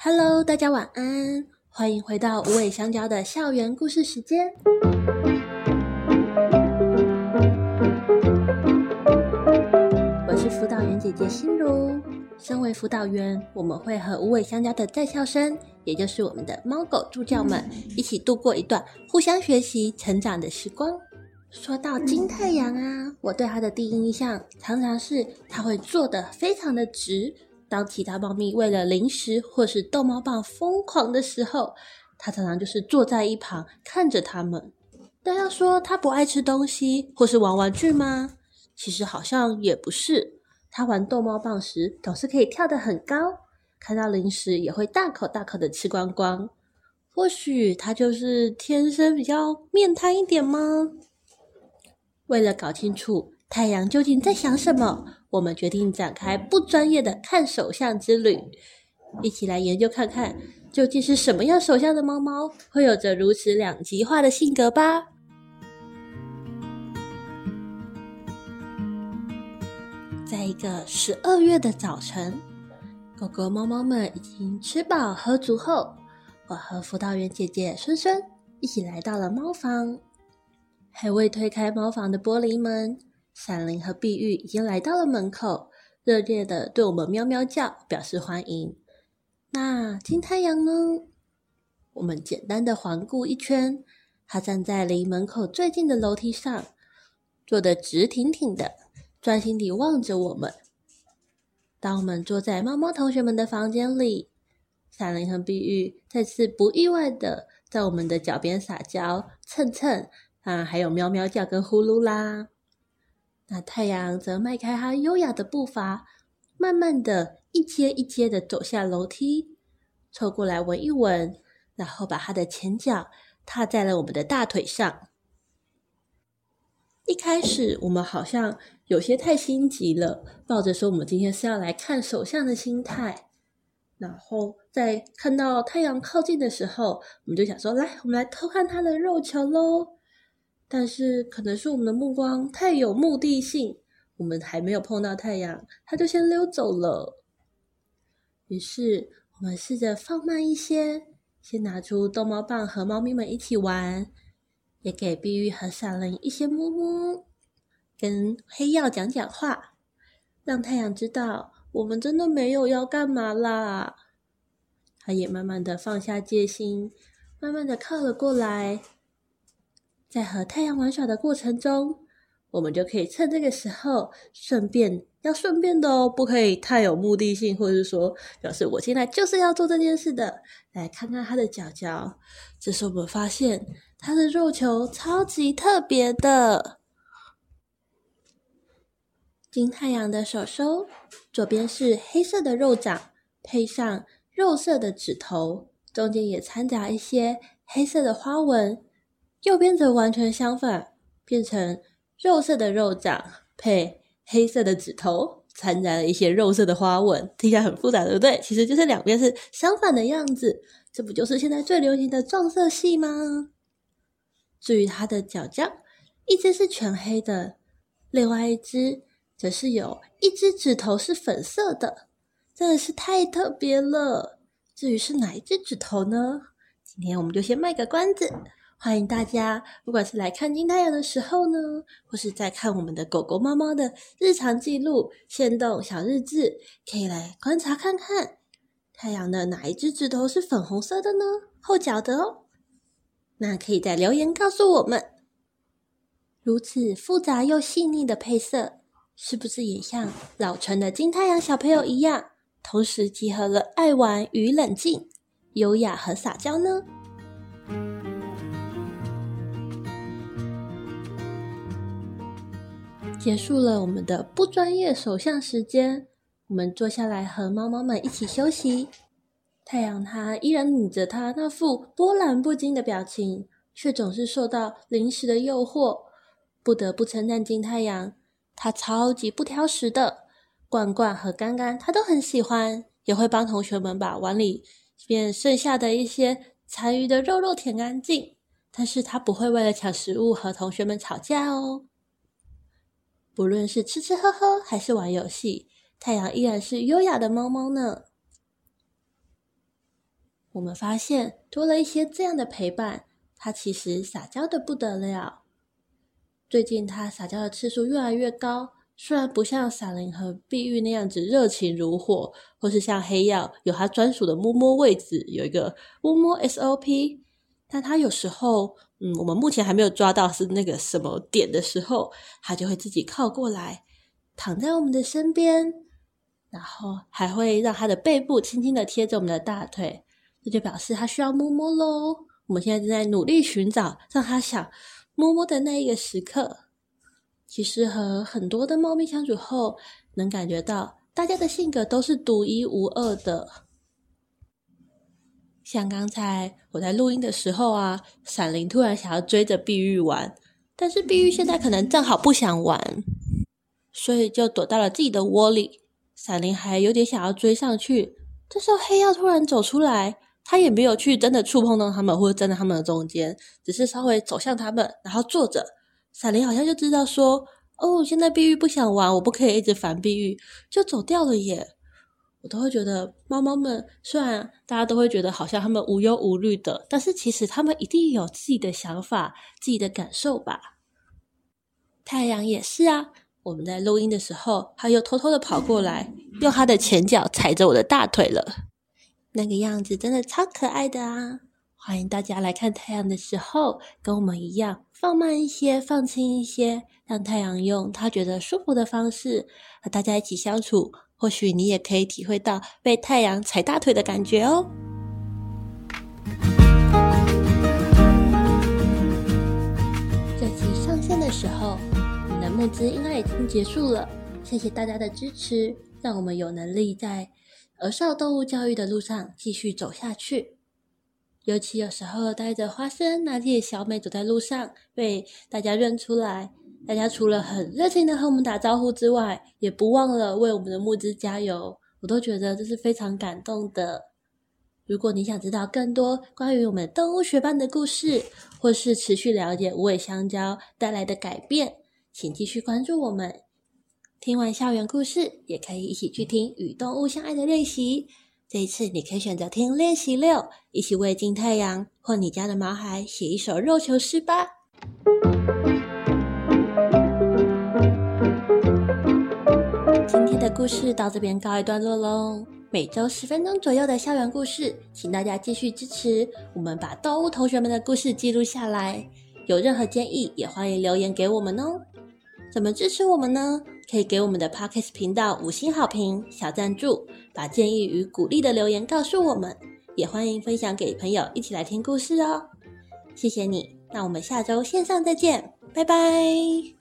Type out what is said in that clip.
Hello，大家晚安，歡迎回到無尾香蕉的校園故事時間。我是輔導員姐姐心如，身為輔導員，我們會和無尾香蕉的在校生，也就是我們的貓狗助教們，一起度過一段互相學習、成長的時光。說到金太陽啊，我對他的第一印象常常是他會坐得非常的直。當其他貓咪為了零食或是逗貓棒瘋狂的時候，它常常就是坐在一旁看着它們。但要說它不愛吃東西或是玩玩具嗎？其實好像也不是。它玩逗貓棒時總是可以跳得很高，看到零食也會大口大口的吃光光。或許它就是天生比較面癱一點嗎？為了搞清楚太陽究竟在想什麼。我們決定展開不專業的看手相之旅，一起來研究看看，究竟是什麼樣手相的貓貓會有着如此兩極化的性格吧。在一個十二月的早晨，狗狗、貓貓們已經吃飽喝足後，我和輔導員姐姐孫孫一起來到了貓房，還未推開貓房的玻璃門，三零和碧玉已經來到了門口，熱烈地對我們喵喵叫，表示歡迎。那金太陽呢？我們簡單地環顧一圈，它站在離門口最近的樓梯上，坐得直挺挺的，專心地望着我們。當我們坐在貓貓同學們的房間裡，三零和碧玉再次不意外地在我們的腳邊撒嬌蹭蹭啊，還有喵喵叫跟呼嚕啦。那太陽則邁開它優雅的步伐，慢慢的一階一階的走下樓梯，湊過來聞一聞，然後把它的前腳踏在了我們的大腿上。一開始我們好像有些太心急了，抱着說我們今天是要來看手相的心態，然後在看到太陽靠近的時候，我們就想說，來，我們來偷看它的肉球嘍。但是可能是我們的目光太有目的性，我們還沒有碰到太陽，它就先溜走了。於是我們試着放慢一些，先拿出逗貓棒和貓咪們一起玩，也給碧玉和閃靈一些摸摸，跟黑曜講講話，讓太陽知道我們真的沒有要幹嘛啦。它也慢慢的放下戒心，慢慢的靠了過來。在和太陽玩耍的過程中，我們就可以趁這個時候順，順便要順便的哦，不可以太有目的性，或者是說表示我現在就是要做這件事的。來看看它的腳腳，這時我們發現它的肉球超級特別的。金太陽的手手，左邊是黑色的肉掌，配上肉色的指頭，中間也摻雜一些黑色的花紋。右邊則完全相反，變成肉色的肉掌配黑色的指頭，摻雜了一些肉色的花紋，聽起來很複雜，對不對？其實就是兩邊是相反的樣子，這不就是現在最流行的撞色系嗎？至於它的腳掌，一隻是全黑的，另外一隻則是有一隻指頭是粉色的，真的是太特別了。至於是哪一隻指頭呢？今天我們就先賣個關子。歡迎大家，不管是來看金太陽的時候呢，或是在看我們的狗狗、貓貓的日常記錄、限動小日誌，可以來觀察看看太陽的哪一隻指頭是粉紅色的呢？後腳的哦。那可以在留言告訴我們。如此複雜又細膩的配色，是不是也像老成的金太陽小朋友一樣，同時集合了愛玩與冷靜、優雅和撒嬌呢？結束了我們的不專業手相時間，我們坐下來和貓貓們一起休息。太陽它依然抿着它那副波瀾不驚的表情，卻總是受到零食的誘惑。不得不稱讚金太陽，它超級不挑食的，罐罐和乾乾它都很喜歡，也會幫同學們把碗裡邊剩下的一些殘餘的肉肉舔乾淨。但是它不會為了搶食物和同學們吵架哦。不論是吃吃喝喝還是玩遊戲，太陽依然是優雅的貓貓呢。我們發現多了一些這樣的陪伴，它其實撒嬌得不得了。最近它撒嬌的次數越來越高，雖然不像閃靈和碧玉那樣子熱情如火，或是像黑曜有它專屬的摸摸位置，有一個摸摸 SOP。但他有時候，嗯，我們目前還沒有抓到是那個什麼點的時候，他就會自己靠過來，躺在我們的身邊，然後還會讓他的背部輕輕的貼着我們的大腿，這就，就表示他需要摸摸嘍。我們現在正在努力尋找讓他想摸摸的那一個時刻。其實和很多的貓咪相處後，能感覺到大家的性格都是獨一無二的。像剛才我在錄音的時候啊，閃靈突然想要追着碧玉玩，但是碧玉現在可能正好不想玩，所以就躲到了自己的窩裡。閃靈還有點想要追上去，這時候黑曜突然走出來，他也沒有去真的觸碰到他們或者站在他們的中間，只是稍微走向他們，然後坐着。閃靈好像就知道說，哦，現在碧玉不想玩，我不可以一直煩碧玉，就走掉了耶。我都會覺得貓貓們雖然大家都會覺得好像它們無憂無慮的，但是其實它們一定有自己的想法、自己的感受吧。太陽也是啊，我們在錄音的時候，它又偷偷的跑過來，用它的前腳踩着我的大腿了，那個樣子真的超可愛的啊！歡迎大家來看太陽的時候，跟我們一樣放慢一些、放輕一些，讓太陽用它覺得舒服的方式和大家一起相處。或許你也可以體會到被太陽踩大腿的感覺哦。這集上線的時候，你的募資應該已經結束了。謝謝大家的支持，讓我們有能力在兒少動物教育的路上繼續走下去。尤其有時候帶着花生，拿起小美走在路上，被大家認出來。大家除了很熱情地和我們打招呼之外，也不忘了為我們的募資加油，我都覺得這是非常感動的。如果你想知道更多關於我們動物學班的故事，或是持續了解無尾香蕉帶來的改變，請繼續關注我們。聽完校園故事，也可以一起去聽與動物相愛的練習。這一次，你可以選擇聽練習六，一起為金太陽或你家的毛孩寫一首肉球詩吧。今天的故事到這邊告一段落嘍。每周十分鐘左右的校園故事，請大家繼續支持。我們把動物同學們的故事記錄下來，有任何建議也歡迎留言給我們哦。怎麼支持我們呢？可以給我們的 Podcast 頻道五星好評、小贊助，把建議與鼓勵的留言告訴我們，也歡迎分享給朋友一起來聽故事哦。謝謝你，那我們下周線上再見，拜拜。